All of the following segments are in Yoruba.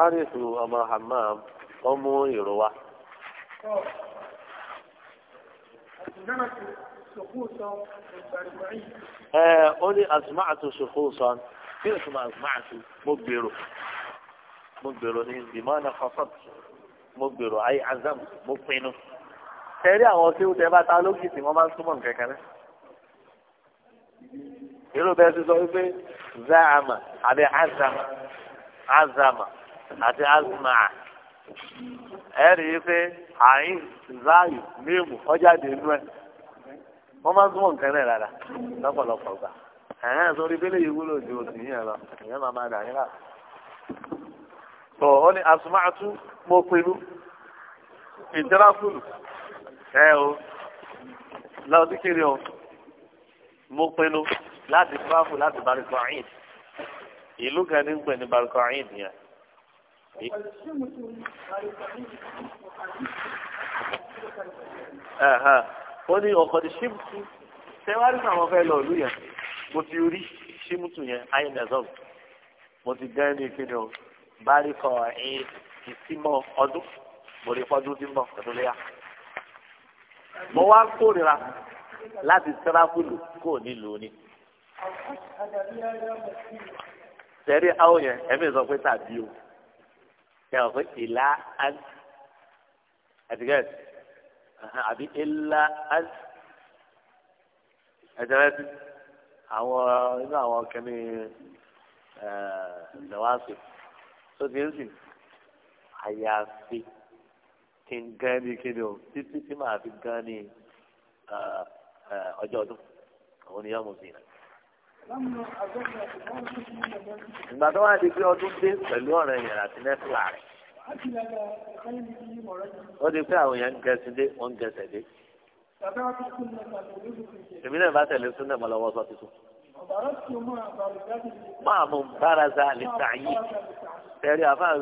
àárẹ̀tù ọmọ hamam ọmú ìró wa. ẹ ó ní asuma'atu sukusan kí ni suma asuma'atu mo gbèrò mo gbèrò ní azam àti azma ẹ rí pé àyín záyù mímu ọjáde inú ẹ wọn máa ń túmọ̀ nǹkan náà rárá lọ́pọ̀lọpọ̀ gbà ẹ̀hẹ́n sórí bílẹ̀ yìí wúlò ju òsì yìí lọ ìyẹn máa máa dà yín rà. tó ní asùmáàtú mo pinnu ẹ o kiri o mo pinnu láti láti barikọ̀ ìlú kan ní ń pè ní barikọ̀ Eh, ó ní ọkọ̀ ní ṣímùtù tẹ́wárí náà wọ́n fẹ́ lọ ìlú yẹn mo ti rí ṣímùtù yẹn ayinazọ́m mo ti dẹ́ ní ìpinnu báríkọ̀ ẹ̀yìn ìsímọ̀ ọdún mo lè fọdún tí mọ̀ ọdún léyà mo wá kórìíra láti tẹ́ráfùlù kò nílùú ni tẹ̀rí àwọn yẹn ẹ̀mí sọ pé tàbí o yẹn ìlà án àtìgẹ́ uh-huh. àbí ìlà án ẹ̀dẹ́rẹ́sì àwọn inú àwọn kẹ́mi uh, lọ́wọ́sì tó ti ń sìn àyàfi kí n gán ní kíni o títí tí màá fi gán ní uh, uh, ọjọ́ ọdún àwọn oníyàwó sí náà ìgbà tó wá di pé ọdún dé pẹ̀lú ọ̀rọ̀ ẹ̀yìn àti nẹ́fìlà rẹ̀ ó di pé àwọn èèyàn ń gẹ̀ẹ́sì dé wọ́n ń gẹ̀ẹ́sẹ̀ dé. èmi náà bá tẹ̀lé sún náà mọ́ lọ́wọ́ sọ tuntun. máa mú báraza lè tà yí tẹ̀lé àfáàrí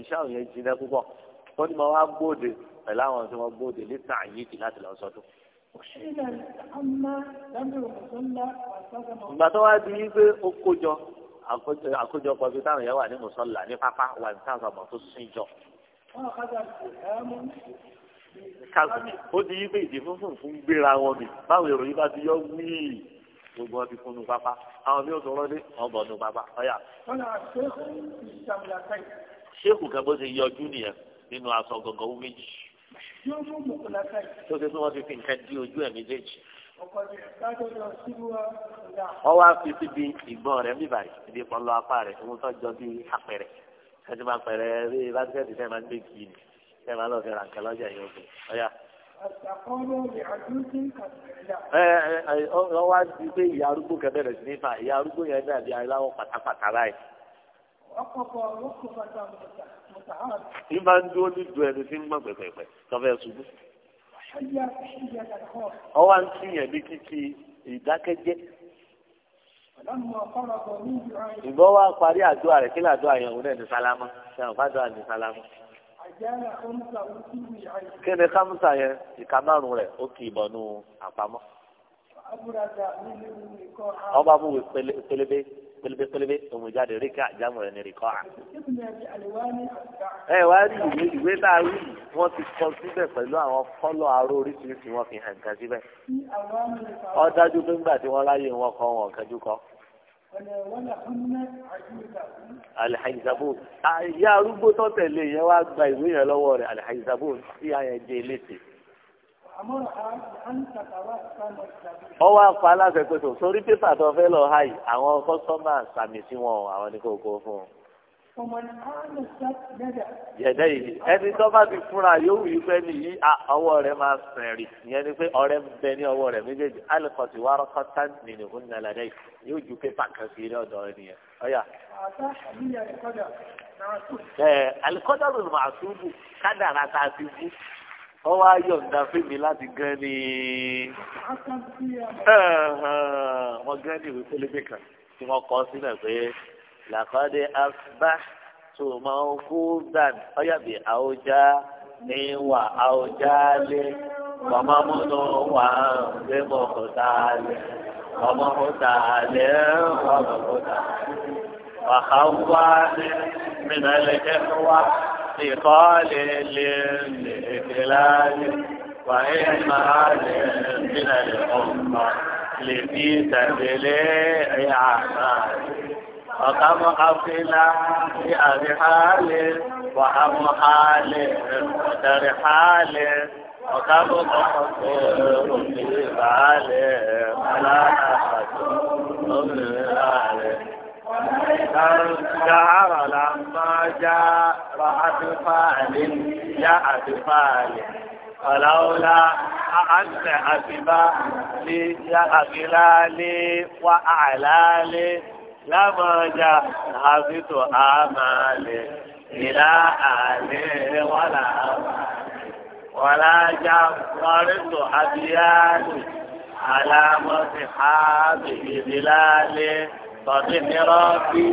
ìṣá òyìn jìnnà púpọ̀ wọ́n ní mo wá gbóde pẹ̀lú àwọn tí wọ́n gbóde lè tà láti lọ sọ́dún ìgbà tó wá di wípé ó kójọ àkójọpọ̀ bíi táwọn èèyàn wà ní mùsọ̀lá ní pápá wà ní táwọn tó sún jọ. ó di wípé ìdí funfun fún gbéra wọn mi báwo ìròyìn bá ti yọ wíì gbogbo ọtí fún pápá àwọn mi ò tó rọ́dé ọgbọ̀n nu pápá ọ̀yà. ṣéèkù kan bó ṣe yọjú nìyẹn nínú aṣọ gọ̀gọ̀ méjì yóò mú mú kúlẹ̀ fẹ́. tó ṣe pé wọ́n ti fi nǹkan di ojú ẹ̀ méjèèjì. wọ́n wá fi síbi ìgbọ́n rẹ̀ bíbà rẹ̀ ibi ìpọ́nlọ apá rẹ̀ ohun tó jọ bí apẹ̀rẹ̀ ẹtì máa pẹ̀rẹ̀ bí báskẹ́tì fẹ́ máa ń gbé kì í ni fẹ́ máa lọ fi ra nǹkan lọ́jà yóò fi ọ̀yà. ẹ ẹ ọ wá di pé ìyá arúgbó kẹfẹ́ rẹ̀ sí ní ìyá arúgbó ní máa ń dúró ní ju ẹni tí ń gbọ̀n pẹ̀pẹ̀pẹ̀ tọ́fẹ́ ṣubú. ọwọ́ à ń tìyàn ní kíkí ìdákẹ́jẹ́. ìgbọ́ wa parí àdúrà rẹ̀ kí làdúrà yẹn òun náà ní sálámà ṣe àwọn fàdúrà ní sálámà. kí ni kámúsà yẹn ìka márùn-ún rẹ̀ ó kì í bọ̀nú àpamọ́. ọba mú wí pélébé pélébé pélébé òun jáde ríkà jámọ̀ ẹni ríkọ́ à. ẹ wá rí ìwé ìwé náà rí wọn ti kọ síbẹ̀ pẹ̀lú àwọn kọ́lọ̀ aró oríṣiríṣi wọn fi hàn kan síbẹ̀. ó dájú pé nígbà tí wọ́n ráyè wọn kọ́ wọn kẹjú kọ́. alihajizabu ìyá arúgbó tó tẹ̀lé yẹn wá gba ìwé yẹn lọ́wọ́ rẹ̀ alihajizabu ìyá yẹn jẹ́ eléte ọwọ́ apá aláṣẹ pé tó sórí pépà tó fẹ́ lọ háì àwọn kọ́sọ́mà sàmì sí wọn àwọn ní kò kó fún un. yẹ̀dẹ́ yìí ẹni tó bá ti fúnra yóò wí pé nìyí ọwọ́ rẹ̀ máa sìn rì ìyẹn ni pé ọ̀rẹ́ ń bẹ ní ọwọ́ rẹ̀ méjèèjì alikọ̀tì wà rọ́kọ̀ tán nínú ìhun nàlẹ́ yóò ju pépà kan sí ilé ọ̀dọ́ rẹ̀ nìyẹn ọ̀yà. alikọ́dà ló máa túbù kádàrà tá a ti bú ọ wá yọ̀ǹda fèmí láti gán ní wọ́n gán ní ìwé pélébé kan tí wọ́n kọ́ sílẹ̀ pé làkọ́dé afbá tó máa ń kú dàn ọ̀yàbí àwòjá ní wà àwòjá lé ọmọ múnú wà ń gbé mọ́ kọ́tà lé ọmọ kọ́tà lé ọmọ kọ́tà wà á wá ní mìíràn lẹ́kẹ́ wá. انتقال للإخلال وإعمال من الأمة لفي سبيل أعمال وكم أفلا بأرحال وأم حال ودر حال وكم محصور في بال فلا أحد من جهر لما جاء رأت يا جاءت فاعل ولولا أنت أتبا لي يا أغلالي وأعلالي لما جاء حفظت آمالي إلى آلي ولا ولا جاء جبرت أبياني على مصحابي بلالي فضمراتي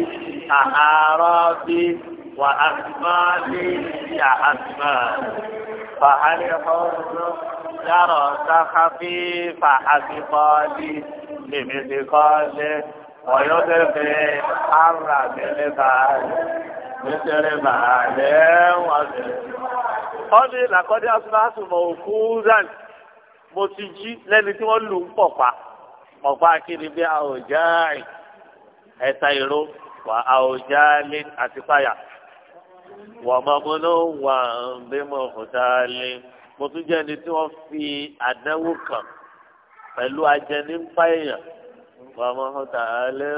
أعاراتي وأكمالي يا أكمال فهل حر ترى سخفي فحسقالي بمثقاله ويدفي حر بالفعل مثل فعله wọ́n ní làkọ́dé asúnáàtù mọ̀ òkú rẹ̀ mo ti jí lẹ́ni tí wọ́n lù ń pọ̀ pa mọ̀ pa kí ni bí a ò jáì ẹ̀ta ìró wà àwòjá lé àtìpáyà wà mọ̀mọ́nà wà bímọ òkúta lé mo tún jẹ́ ẹni tí wọ́n fi àdánwò kàn pẹ̀lú ajẹnípa èèyàn wà mọ̀ òkúta lé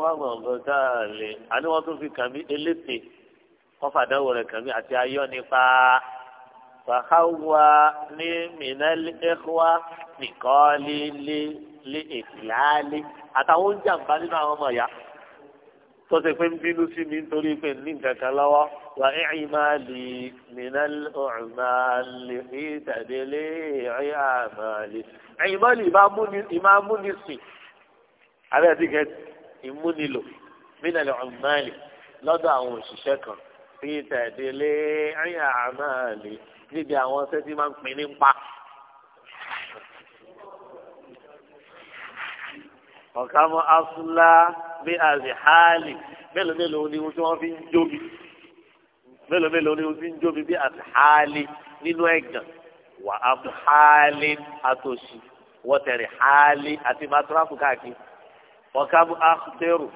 wà mọ̀ òkúta lé àní wọ́n tún fi kàn mí eléte wọ́n fàdánwò rẹ̀ kàn mí àti ayọ́ nípa fàháwà ní mìnàlì ẹ̀kọ́wà nìkọ́ lé lé lé èkìlá lé àtàwọn oúnjẹ àǹfààní náà àwọn ọmọ ìyá tó ṣe pé ń bínú sí mi nítorí pé ní kankan lọ́wọ́ wà ẹ̀yìn máa lè mìíràn ọ̀rùn máa lè fi tàdélé ẹ̀yìn àmà lè. ẹ̀yìn máa lè máa mú sìn abẹ́ àti kẹ́ ìmúnilò mìíràn ọ̀rùn máa lọ́dọ̀ àwọn òṣìṣẹ́ kan fi tàdélé ẹ̀yìn àmà níbi àwọn sẹ́tí máa ń pín ní pa. ọ̀kà afúlá bí àzìhálì mélòó mélòó ni tí wọ́n fi ń jóbi mélòó mélòó ni wọ́n fi ń jóbi bí àzìhálì nínú ẹ̀gàn wà á fún hálì àtòsí wọ́n tẹ̀rẹ̀ hálì àti mátúráfù káàkiri wọ́n ká mú àkùtẹ́rù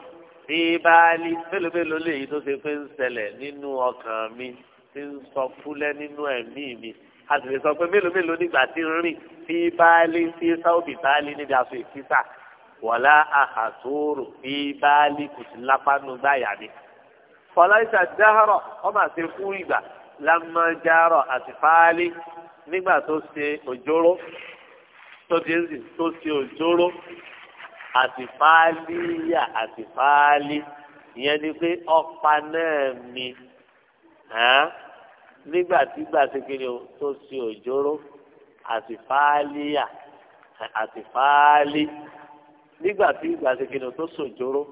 ní báálí mélòó mélòó lè yí tó ṣe pé ń ṣẹlẹ̀ nínú ọkàn mi ti ń sọ fúlẹ́ nínú ẹ̀mí mi a sì lè sọ pé mélòó nígbà tí ń rìn fi báálí fi sáwọ́bì báálí níbi àṣọ ìkísà wọlá àhàtúrò bí báálí kò sí lápánu báyà ni. fọláìsà dáhọrọ ọmọ àti kú ìgbà lámájárọ àti fáálí nígbà tó ṣe òjòrò tó ti ń sìn tó ṣe òjòrò àti fáálí yà àti fáálí ìyẹn ni pé ọ̀pá náà mi nígbà tí gbà ṣe kiri o tó ṣe òjòrò àti fáálí yà àti fáálí nígbà tí ìgbà ṣe kìnìún tó sòjóró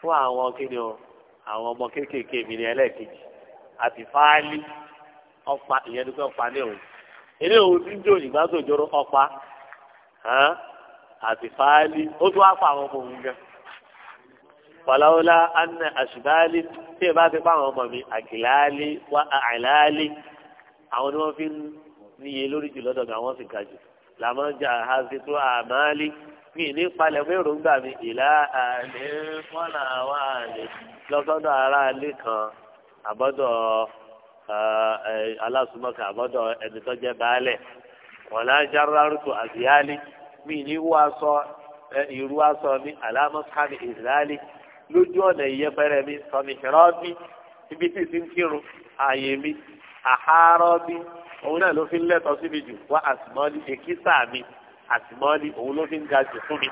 fún àwọn kìnìún àwọn ọmọ kéékèèké mi ní ẹlẹ́ẹ̀kejì àti fáálí ọ̀pá ìyẹn ni pé ọ̀pá ní òun ilé òun tí ń jò ìgbà sòjóró ọ̀pá àti fáálí ó tún wá pa àwọn ọmọ òun gan fọláwọlá anna àṣìbáálí tí ẹ bá ti pa àwọn ọmọ mi àgìláálí wá àìláálí àwọn ni wọn fi ń níye lórí jù lọ́dọ̀ gan àwọn sì ga jù làmọjà àhàzìtú àmàlí mi ní palẹ̀ fún èròǹgbà mi ìlà àlè fọ́nà àwọn àlè lọ́sọ́dọ̀ ara àlè kan àbọ́dọ̀ alásùmọ́kà àbọ́dọ̀ ẹni tó jẹ́ baálẹ̀ wọn là ń járárùkù àbíyálé mi ní wọ aṣọ ìrú aṣọ mi alámọ́sáàmì ìsìláàlì lójú ọ̀nà ìyẹpẹrẹ mi sọmi ìrọ́bí ibi tí ìsìn kírun ààyè mi àhárọ́bí òun náà ló fi ń lẹ́tọ̀ọ́ síbi jù wá àtìmọ́lé èkísà mi àtìmọ́lì òun ló fi ń ga jù fún mi.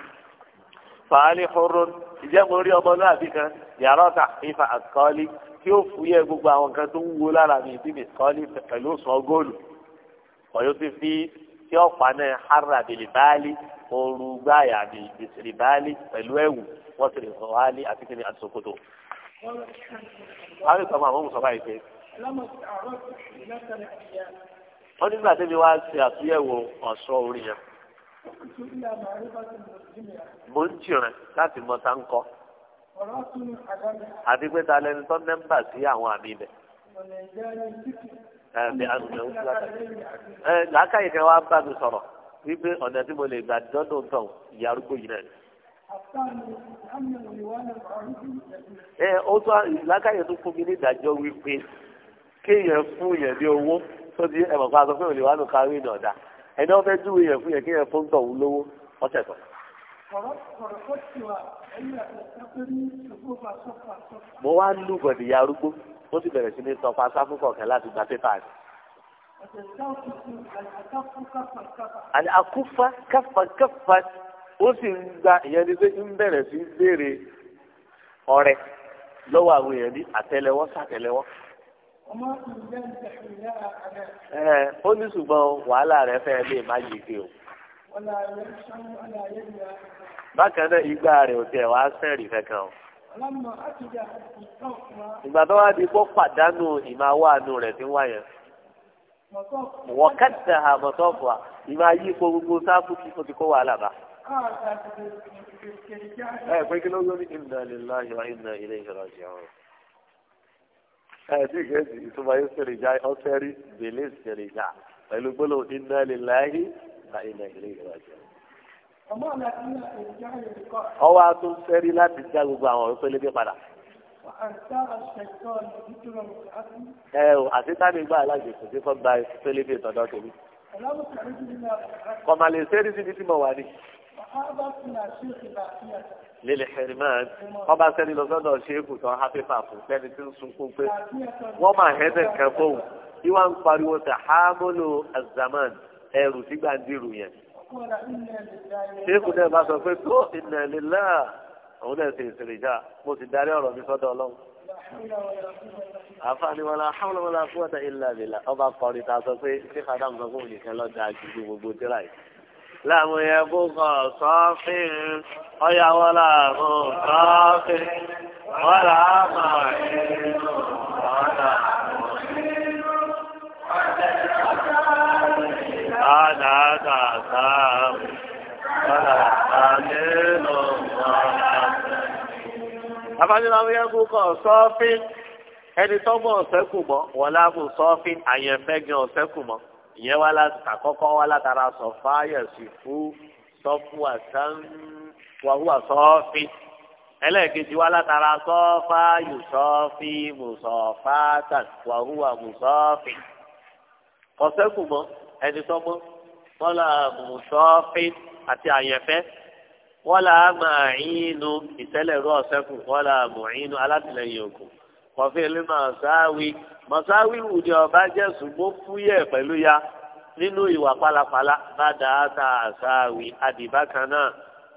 fàálì horo ìjẹ́ mo rí ọmọ náà bíkan yàrá ọ̀tà ìfà àkọọ́lì tí ó fúyẹ́ gbogbo àwọn nǹkan tó ń wo lára mi bí mi kọ́ọ́lì pẹ̀lú sọ góòlù ọ̀yọ́ ti fi tí ọ̀pá náà hara bèlè báálí ooru gbáyà bèsèrè báálí pẹ̀lú ẹ̀wù wọ́n ti rìn kọ́ wálé àti kìnìún àti sokoto. wọ́n lè sọ fún àwọn mùsọ̀lá yìí pé wọ́n nígbà tẹ́mi wá ṣe àtúnyẹ̀wò ọ̀ṣọ́ orí yẹn mo ń jì rẹ láti mọ tá ń kọ àti pé ta lẹni tó nẹ́mbà sí àwọn àmì ibẹ̀. làákàyè kan wá bá mi sọ̀rọ̀ wípé ọ̀nà tí mo lè gbà dọ́dọ̀ tán ìyá arúgbó yìí náà ni. ẹ ó tún làákàyè tó fún mi ní ìdájọ́ wípé kéèyàn fún yẹn ní owó tó di ẹ̀mọ̀ká sọ pé òlè kárí ìnà ọ̀dà ẹni wọn fẹ́ júwe yẹn fún yẹn kí yẹn fún tọ̀hún lówó ọ̀sẹ̀ tán. mo wá ń lùgọ̀dì ya arúgbó ó sì bẹ̀rẹ̀ sí ní sọpa sáfù kọ̀ọ̀kan láti gba pépà rẹ̀. àti àkúfà káfàkáfà ó sì ń gba ìyẹn ní pé ń bẹ̀rẹ̀ sí béèrè ọrẹ lọ́wọ́ àwọn èèyàn ní àtẹ́lẹwọ́ sátẹ́lẹwọ́ ó ní ṣùgbọ́n wàhálà rẹ fẹ́ lè má yege o. bákan náà ìgbà rẹ̀ ò tẹ̀ wá sẹ́rì kankan o. ìgbà tó wá di kó pàdánù ìmáwáàánú rẹ̀ tí ń wá yẹn. wọ́kẹ́tẹ̀ àmọ̀tọ́fà ìmá yí kó gbogbo sáfù tí ó ti kó wàhálà bá. ẹ pé kí ló ń lórí inna lillahi wa inna ilayhi raji'un ẹ̀ẹ́dì gẹ̀ẹ́sì ìtumọ̀ yóò ṣe lè já ọ̀sẹ̀ rí bèlè ṣe lè já pẹ̀lú gbọ́dọ̀ iná lè láyé na ilẹ̀ ilé ìrọ̀jẹ̀. ọwọ́ a tún sẹ́rí láti já gbogbo àwọn ọ̀rọ̀ pélébé padà. ẹ o àtẹ́tàmì gbà alájò kò sí kọ́ gba pélébé tọ́dọ̀ tèmi. kọ̀mọ̀lẹ̀ sẹ́rí síbi tí mo wà ní lílẹ̀ hẹ̀rìmán wọ́n bá sẹ́ni lọ sọ́dọ̀ ṣéèkù tán hápẹ́fà fún sẹ́ni tí ń sunkún pé wọ́n máa hẹ́dẹ̀ kan fóun bí wọ́n ń pariwo tàhámọ́lò azaman ẹrù tí gbàǹdìrù yẹn. ṣéèkù náà bá sọ pé tó inna lillahi òun náà ṣe ìṣèlèjà mo sì darí ọ̀rọ̀ mi sọ́dọ̀ ọlọ́run. àfààní wọn la hawla wala quwwata illa billah ọba kọrin ta sọ pé ṣé kàdá nǹkan fún òyìnkan lọ́jà ju gbogbo tíráì láàmú yẹn bó kàn sọ́ọ́fìn ọ̀yà wọn láàmú sọ́ọ́fìn wọn làámà nínú ọ̀dà. Ada ada ada, ada ada nínú ọ̀dà. Afániláwọ̀ yẹn bó kàn sọ́ọ́fìn ẹni tọ́gbọ̀n ọ̀sẹ́kù wọ́n láàmú sọ́ọ́fìn àyẹ̀fẹ́gẹ́ ọ̀sẹ́kù ìyẹn wá láti àkọ́kọ́ wá látara sọ fáyà sí fún sọ́fù àtàn wàhùwà sọ́ọ̀fì ẹlẹ́ẹ̀kejì wá látara sọ́fà yùsọ́fì mùsọ̀fà tàn wàhùwà mùsọ́fì kọ́sẹ́kù mọ́ ẹni sọ́mọ́ wọ́lá mùsọ́fì àti àyẹ̀fẹ́ wọ́lá màáyínú ìtẹ́lẹ̀ rú ọ̀sẹ́kù wọ́lá mùáyínú alátìlẹyìn òkú kọfí ẹlẹ́mà mọ̀sáwíwù ni ọba jẹ́ ṣùgbọ́n fúyẹ́ pẹ̀lú ya nínú ìwà pálapàla bá dáadáa àṣàwì àdìbá kan náà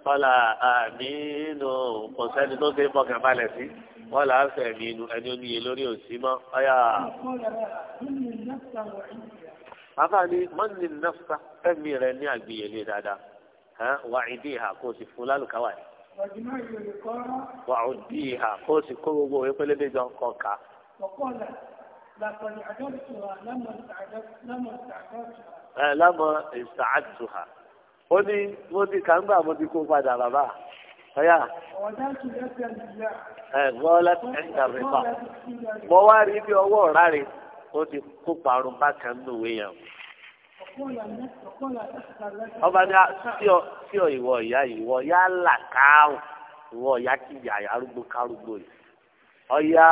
kọ́là àmínú kò sẹ́ni tó ṣe fọkàn balẹ̀ sí wọ́n là á fẹ̀mí inú ẹni oníye lórí òsì mọ́ ọ̀yà. bàbá ni mọ́nì nọ́fà fẹ́mi rẹ ní àgbìyẹlé dáadáa wà ìdí ìhà kó o sì fún lálùkáwà yìí. wà ó dí ìhà kó o sì kó gbogbo ìpele méjọ kọ̀ọ̀ka. لقد عجبتها لما استعجبت لما استعجبتها لما استعدتها ó mo ti kà mo ti kó padà bàbá ọ̀yà. ẹ gbọ́ láti mo wá rí bí ọwọ́ ọ̀rá rẹ̀ ó ti kó parun bákan nínú ìwé yẹn. ọba ní sí ọ ìwọ ìyá ọ̀yà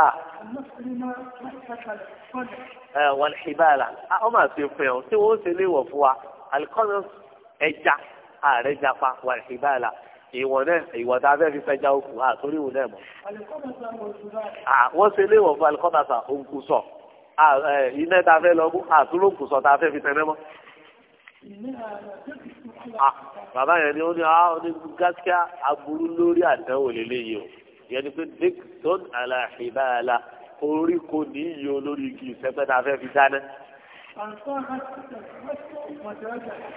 ẹ̀ wọ́n ìbára ọmọ àti ìfẹ́ ọ tí wọ́n ṣe léwọ̀ fún wa alikọ́nù ẹja ààrẹ japa wọ́n ìbára ìwọ̀n náà ìwọ̀n tá a fẹ́ fi fẹja òkú àtúrí ìwọ̀n náà mọ̀. wọ́n ṣe léwọ̀ fún alikọ́nù àtà òǹkùsọ iná tá a fẹ́ lọ mú àtúrò òǹkùsọ tá a fẹ́ fi tẹ̀lé mọ́. bàbá yẹn ni ó ní gaskiya aburú lórí àdánwò lélẹ́yìí o ìyẹn ni pé dixon alahibala orí kò ní í yọ lórí igi ìsẹ́pẹ́ tá a fẹ́ fi dáná.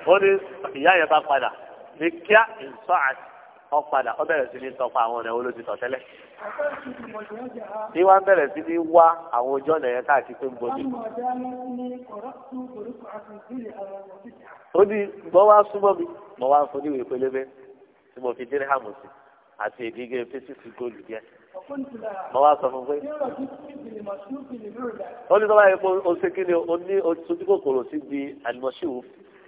ó ní ìyá yẹn bá padà ní kíá ìsọ àti ọ padà ọ bẹ̀rẹ̀ sí ní tọpa àwọn ọ̀nà olóòtú tọ̀tẹ́lẹ̀. ìwà bẹ̀rẹ̀ sí ní wá àwọn ojú ọ̀nà yẹn káàkiri pé ń bọ́jú. ó ní mo wá súnmọ́ mi mo wá ń fún níwèé pélébé tí mo fi díríhàmù sí i àti ìdíje fésìsì góòlù díẹ̀. mo wá sọ fún pé ó ní sọ́wọ́ epo oṣù kìíní o ní oṣù kòkòrò sí di àlùmọ́ṣíwò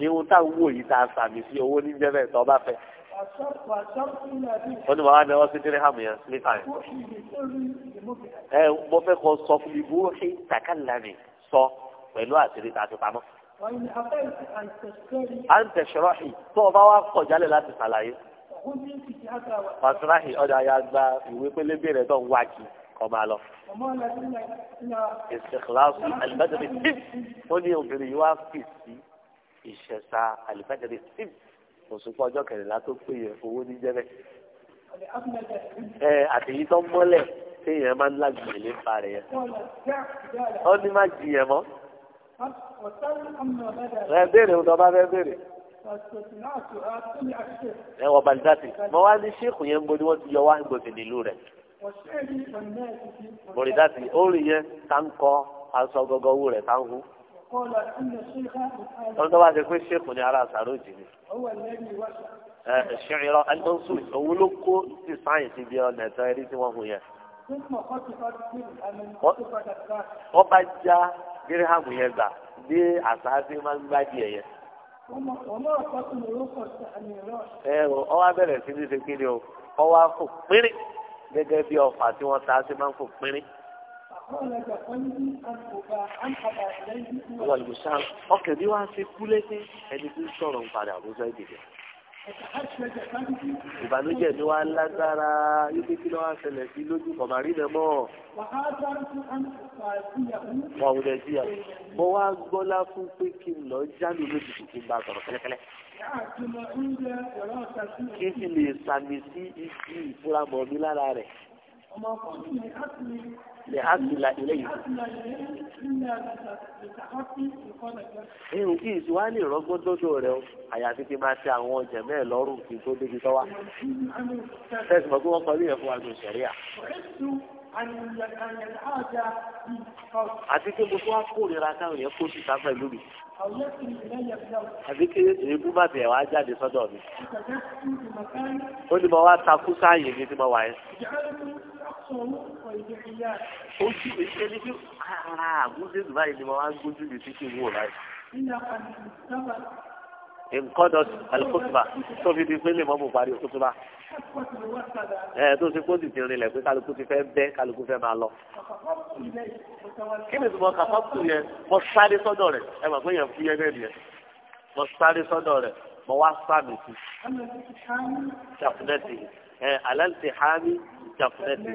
ihun tá à ń wò yìí tá a sàmì sí owó ní jẹ́fẹ̀ tó bá fẹ́. ó ní màá ní ọ sí díríhàmù yẹn nípa yẹn. ẹ mo fẹ́ kọ sọ fún mi bó ṣe tàkàlà sọ pẹ̀lú àṣírí tá a ti pamọ́. à ń tẹ̀sọ̀rọ̀ yìí tó o bá wá kọ̀ láti ṣàlàyé pàṣípàṣì ọ̀dà ya gba ìwé pélébé rẹ̀ tó ń wá kí ọba lọ. ìṣèkìláàsì alìbẹ́tẹ̀rẹ̀ tíì ó ní obìnrin yìí wá fi sí ìṣẹ̀ṣà alìbẹ́tẹ̀rẹ̀ tíì òṣùpọ̀ ọjọ́ kẹrìnlá tó péye owó ní jẹ́rẹ̀. ẹ àtẹ̀yí tó mọ́lẹ̀ téèyàn máa ń lágbèrè nípa rẹ̀ yẹn. ó ní má jiyàn mọ́. ẹ béèrè ń bá fẹ́ béèrè ẹ wọ balizati mọ wá ní sèkù yẹn gbó ni wọn ti yọ wá gbòkè nílùú rẹ balizati ó rí yẹn tá ń kọ aṣọ gọgọ owó rẹ tá ń hu wọn tó bá ti pé sèkù ni ara sàrójì ni ẹ ṣẹyìnrọ alonso owó ló kó sí sáyẹnsì bí ọ nẹtọ ẹrí tí wọn hu yẹn wọn bá já díríhàmù yẹn gbà bí àṣà àti máa ń gbá díẹ̀ yẹn ẹ̀rọ ọwọ́ abẹ́rẹ́ sí ní ṣe kí ni o ọwọ́ afọ pínrín gẹ́gẹ́ bí ọfà tí wọ́n ta á sí máa ń fò pínrín. ọkẹ́ bí wọ́n á ṣe kú lẹ́sẹ̀ ẹni tí ń sọ̀rọ̀ ń padà àbúzọ́ ìdìbò ìbànújẹ́ ni wàá lágbára ibi tí lọ́wọ́ ṣẹlẹ̀ sí lójú kọ̀márì rẹ̀ mọ́. wọ́n wulẹ̀ sí ya mo wá gbọ́lá fún pé kí n lọ jáde lójú kí n bá sọ̀rọ̀ kẹ́lẹ́kẹ́lẹ́. kí n sì lè sàmì sí ibi ìfúramọ̀ mi lára rẹ̀ lè á sì la ilé yìí. ihun kí ìsìn wá lè rọgbọ́n dọ́dọ̀ rẹ o àyàfi kí n máa tẹ àwọn ọjà mẹ́ẹ̀ lọ́rùn kí n tó débi tọ́wá. tẹ́sí mọ̀ pé wọ́n kọ́ ilé yẹn fún wa ní òṣèré à àti pé mo tún wá kórìíra káwọn yẹn kó síta pẹ̀lú mi àbí kí èébú má bẹ̀rẹ̀ wá jáde sọ́dọ̀ mi ó ní mo wá takú sáàyè mi tí mo wà yẹn. ojú mi ṣe ni bí ara àgúndé báyìí ni mo wá ń gbójú mi títí wò láyé nkọdọs alikutuba tó fi di pé lè mọ bò parí kutuba ẹ tó ti kóòtù ti rinlẹ pé kálukú ti fẹ́ bẹ kálukú fẹ́ máa lọ kí ni tùmọ̀ kàfáàtù yẹn mo sáré sọ́dọ̀ rẹ̀ ẹ mọ̀ pé yẹn fi yẹn bẹ́ẹ̀ yẹn mo sáré sọ́dọ̀ rẹ̀ mo wá sáàmì sí jàfúnẹ́tì ẹ aláìsí hami jàfúnẹ́tì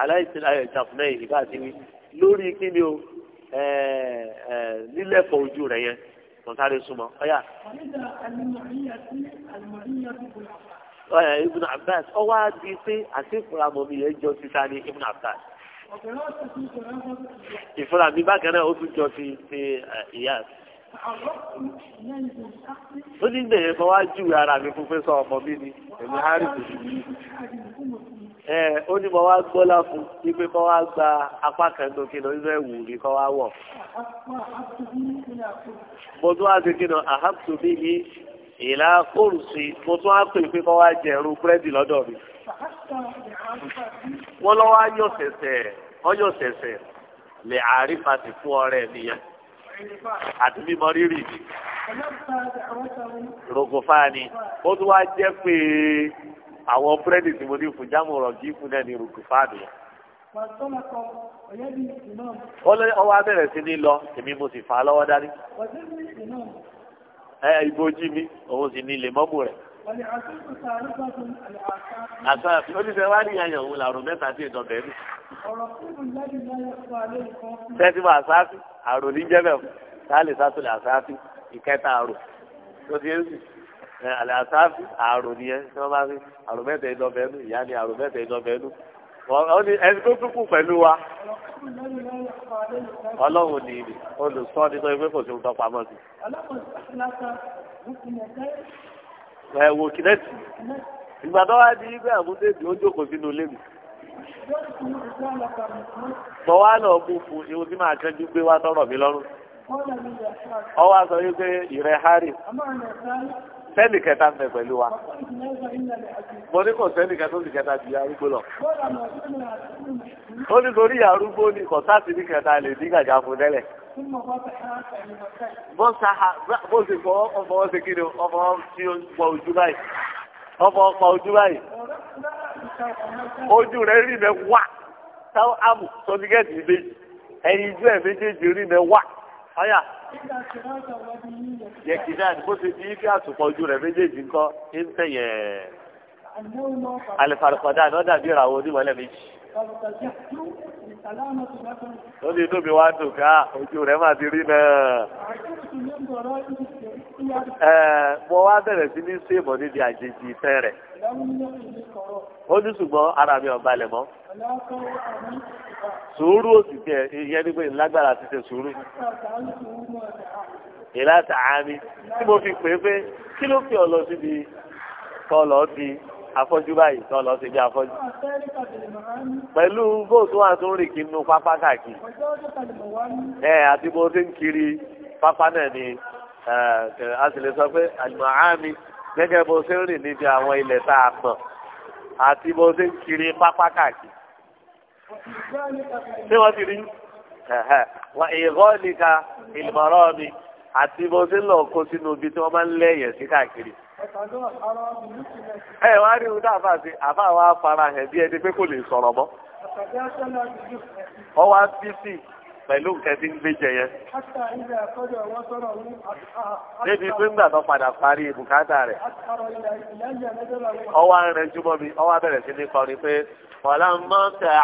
aláìsí ayọ̀ jàfúnẹ́tì ìbá lórí kí ni o ẹ ẹ nílẹ̀kọ̀ ojú rẹ̀ yẹn. tó ń sáré súnmọ́ ọ̀yà. Ibn Abbas ọwọ́ á di pé àṣìfura mọ̀ mi yẹn jọ sísá ní Ibn Abbas. ìfura mi bákan náà ó tún jọ sí ti ìyá. Eh, ó ní gbẹ̀yẹ̀ ara mi fún pé sọ ọmọ mi ni èmi harris. ẹ ó ní mo wá gbọ́lá fún ipe wá gba apá kan tó kí lọ ibẹ̀ wù mí kọ́ wá wọ̀. mo tún wá sí kí lọ àhápùtù bí mi ìlà kóòrùsì mo tún wá pè pé kọ́ wá búrẹ́dì lọ́dọ̀ mi. wọ́n lọ́ wá yọ̀ sẹ̀sẹ̀ sẹ̀sẹ̀ lè àárín àwọn búrẹ́dì tí mo ní fún jámù rọ̀jì fún náà ní rúkú fáàdì yẹn. ọwọ́ abẹ́rẹ́ sí ní lọ èmi mo sì fà á lọ́wọ́ dání. ẹ ìbòjì mi òun sì ní ilé mọ́mù rẹ̀. àtà oníṣẹ́ wa ní yàyàn òun làrùn mẹ́ta sí ìdọ̀bẹ̀ mi. tẹ́tí mọ àsáàfì àrò ní jẹ́bẹ̀ táà lè sátúlẹ̀ àsáàfì ìkẹta àrò tó ti ń sìn. Eh, àlàáfíà àrùn nìyẹn tí wọ́n bá rí àrùn mẹ́ta ìdọ̀bẹ̀ nù ìyá ni àrùn mẹ́ta ìdọ̀bẹ̀ nù wọ́n ní ẹni tó tún kù wa ọlọ́run ní ìlú olùsọ́ ní pé kò sí òótọ́ pamọ́ sí. ẹ wo kìnẹ́tì ìgbà tó wá di ibẹ̀ àmúdébì ó jókòó sínú mo wá lọ fún tí màá wá sọ sẹ́ẹ̀lì kẹta ń bẹ pẹ̀lú wa mo ní kò sẹ́ẹ̀lì kẹta ó sì kẹta ju arúgbó lọ ó ní torí arúgbó ni kò sáàtì ní kẹta lè ní gàjà fún tẹ́lẹ̀ bó sáà bó sì fọwọ́ ọfọwọ́ sí kí ni ọfọwọ́ tí ó pọ ojú báyìí ọfọwọ́ pọ ojú báyìí ojú rẹ̀ rí rẹ̀ wá táwọn àmù sọ́dígẹ́tì méjì ẹ̀yìn ojú ẹ̀ méjèèjì rí rẹ̀ wá ọ̀yà. yẹ kí náà bó ṣe di kí àtùpọ̀ ojú rẹ̀ méjèèjì ńkọ́ ń tẹ̀yẹ̀ alifarikọ̀dá ní ọ̀dà bíi ìràwọ̀ onímọ̀lẹ́ méjì. lórí inú mi wá dùn ká ah, ojú rẹ̀ máa ti rí náà. mo wá bẹ̀rẹ̀ sí ní sèmọ̀ níbi àjèjì ìfẹ́ rẹ̀ ó ní ṣùgbọ́n ara mi ò balẹ̀ mọ́ sùúrù òsì tẹ ìyẹn ní pé ti ṣe sùúrù ìlà tààmì tí mo fi pè é pé kí ló fi ọ̀lọ́ síbi tọ́lọ́ di afọ́jú báyìí tọ́lọ́ síbi afọ́jú pẹ̀lú góòtù àtúnrì kí nínú pápá káàkiri ẹ àti bó ṣe ń kiri pápá náà ni a sì lè sọ pé àlùmọ̀ àmì gẹ́gẹ́ bó ṣe ń rìn níbi àwọn ilẹ̀ tá a mọ̀. àti bó ṣe ń kiri pápá káàkiri. ṣé wọ́n ti rí wà ìrọ́ọ̀nìka ìmọ̀ràn mi àti bó ṣe ń lọ kó sínú ibi tí wọ́n máa ń lẹ́yìn sí káàkiri. ẹ wá rí ohun tá a fà sí àbá wa fara hàn bí ẹni pé kò lè sọ̀rọ̀ mọ́. ọwọ́ á bí sí i. pẹ̀lú nǹkan tí ń gbé jẹ yẹn. débi pé ńgbà tó padà parí bùkátà rẹ̀. ọwọ́ arìnrìn júmọ́ mi ọwọ́ bẹ̀rẹ̀ sí ní kọrin pé wàlá mọ́tà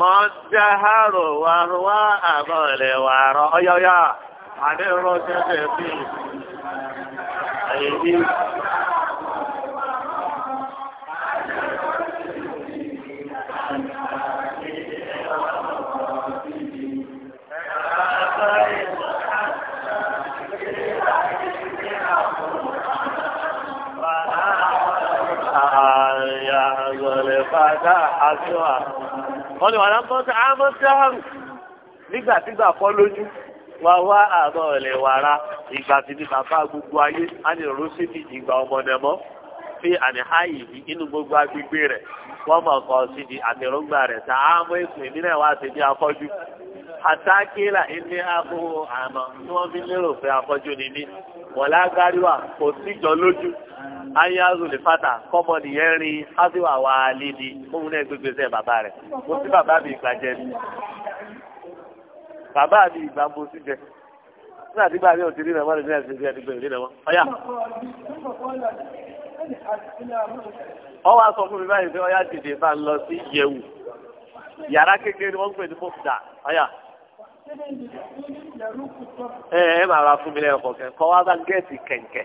mọ́ jáhárò wà wá àbọ̀lẹ̀ wà rọ fàdá àṣọà wọ́n ní wàhálà mọ́tà àmọ́tàrù nígbàtígbà fọ́ lójú wá wá àmọ́ ọ̀lẹ̀ wàrà ìgbà tí ní bàbá gbogbo ayé á ní rò sí ní ìgbà ọmọdémọ́ fi àníháyì inú gbogbo agbègbè rẹ̀ wọ́n mọ̀ kọ́ sí di àtẹ̀rọ̀gbà rẹ̀ tà àmọ́ ìpín ìbílẹ̀ wá sí ní afọ́jú àtàkìlà ilé ààbò àmọ́ tí wọ́n fi lérò pé afọ́jú ni mí wọ̀lá gáríwà kò síjọ lójú ayazu lè fata kọ́mọ nìyẹn rí ásíwà wa lédi òun náà gbégbé sẹ́ bàbá rẹ̀ mo sí bàbá mi ìgbà jẹ mi bàbá mi ìgbà mo sí jẹ nígbà tí bàbá mi ò ti rí nàmọ́ nìyẹn ti rí ẹni gbèrè nàmọ́ ọ̀yà. wọ́n wá sọ fún mi báyìí pé ọ̀yà dìde máa ń lọ sí yẹ̀wù yàrá kékeré wọ́n ń pè ní mọ́fìdà ọ̀yà ẹ ẹ máa ra fún mi lẹ́yìn ọkọ̀ kẹ́kọ̀ọ́ wá bá gẹ́ẹ̀tì kẹ̀kẹ́.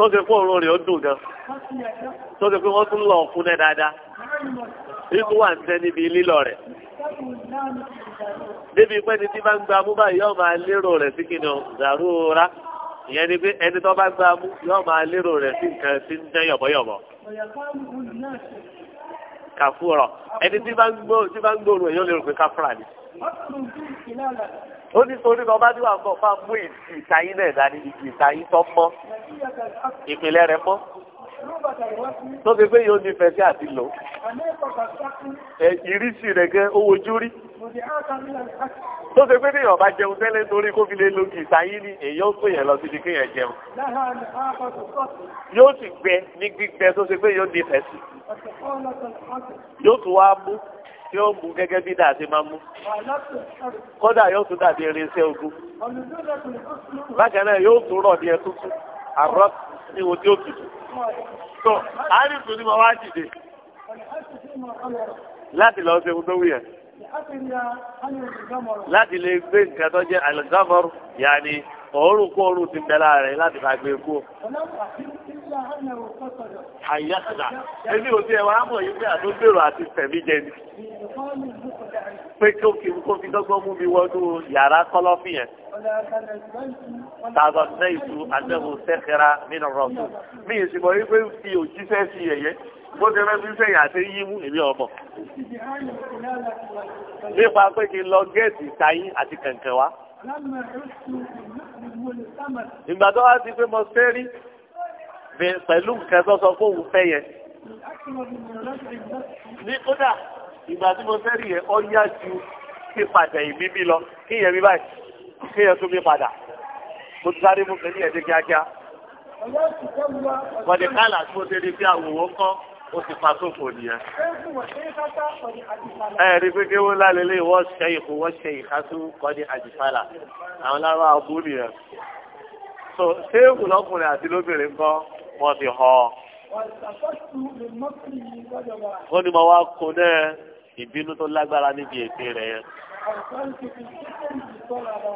tó ṣe pé òórùn rẹ̀ ó dùn gan tó ṣe pé wọ́n tún lọ fún ẹ dáadáa nínú wà ń tẹ́ níbi lílọ rẹ̀ débi pé ni tí bá ń gba mú báyìí yóò máa lérò rẹ̀ sí kìnìún dàrúra ìyẹn ni pé ẹni tó bá gba mú yóò máa lérò rẹ̀ sí nǹkan tí ń tẹ́ yọ̀bọ̀yọ̀bọ̀ kàfúrọ̀ ẹni tí bá ń gbóòrùn èèyàn lérò pé káfúrà ni ó ní sọ nípa ọba tí wà ń bọ̀ fáà mú ìsì ìtayín náà dání ìsì ìtayín tó mọ́ ìpìlẹ̀ rẹ̀ mọ́ tó fi pé yóò ní fẹsẹ̀ àti lò ìrísí rẹ̀ gẹ́ owó júrí tó fi pé ní ọba jẹun tẹ́lẹ̀ torí kó fi lé lókì ìtayín ní èyí ó pèyàn lọ síbi kéèyàn jẹun yóò sì gbẹ ní gbígbẹ tó fi pé yóò ní fẹsẹ̀ yóò tún wá mú tí ó mú gẹ́gẹ́ bí dàá ṣe máa mú kódà yóò tún dàbí irinṣẹ́ ogun bákan náà yóò tún rọ̀ ní ẹtútù àrọ́ ní wo tí ó tutù tó àárínkù ni mo wá dìde láti lọ ṣe ohun tó wù yẹn láti lè gbé nǹkan tó jẹ́ àlùgámọ́rù yàní òórùn kóòrùn ti bẹ́ láàrin láti máa gbé e kú àyàkàlà ẹbí òbí ẹwà á mọ̀ yí pé àdógbèrò àti tẹ̀mí jẹ ni pé kí ó kí n kó fi dọ́gbọ́n mú mi wọnú yàrá kọ́lọ́fì yẹn tààbà náà ìlú adẹ́hùn sẹ́kẹ̀rà nínú rọ̀tù mí ìsìnkọ̀ yí pé fi òjíṣẹ́ sí yẹ̀yẹ́ bó ti rẹ́ fífẹ́ yà àti yí mú èmi ọmọ nípa pé kí n lọ gẹ́ẹ̀tì ìtayín àti kẹ̀kẹ́ wa ìgbà tó wá ti pé mo fẹ́ rí pẹ̀lú nǹkan tó sọ fóun fẹ́ yẹn. ní kódà ìgbà tí mo fẹ́ rí yẹn ọ yá ju kí padà ìbí bí lọ kí yẹn bí báyìí kí yẹn tún bí padà mo ti sáré mú pé ní ẹ̀dẹ́ kíákíá. bọ̀dé kálà tí mo ti rí bí àwòrán kọ́ ó ti pa sófò nìyẹn. ẹ rí pé kí lálẹ́lẹ́ wọ́n ṣe ìkó wọ́n ṣe ìkású kọ́ni àjìfàlà àwọn lára nìyẹn. so ṣé èkó lọ́kùnrin àti lóbìnrin kan wọ́n ti họ. ó ní mo wá kó náà ìbínú tó lágbára níbi ète rẹ̀ yẹn.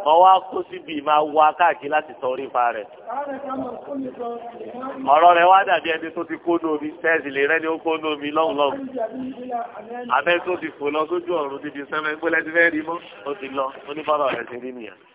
mo wá kó síbi máa wá káàkiri láti sọrí ipa rẹ̀. ọ̀rọ̀ rẹ̀ wá dàbí ẹni tó ti kónú omi sẹ́ẹ̀sì lè rẹ́ni ó kónú omi lọ́hùn-lọ́hùn. abẹ́ tó ti fò lọ sójú ọ̀run níbi sẹ́mẹ́ gbọ́lẹ́dínlẹ́rìí mọ́ ó ti lọ oníbọ̀rọ̀ rẹ̀ ti rí nìyẹn.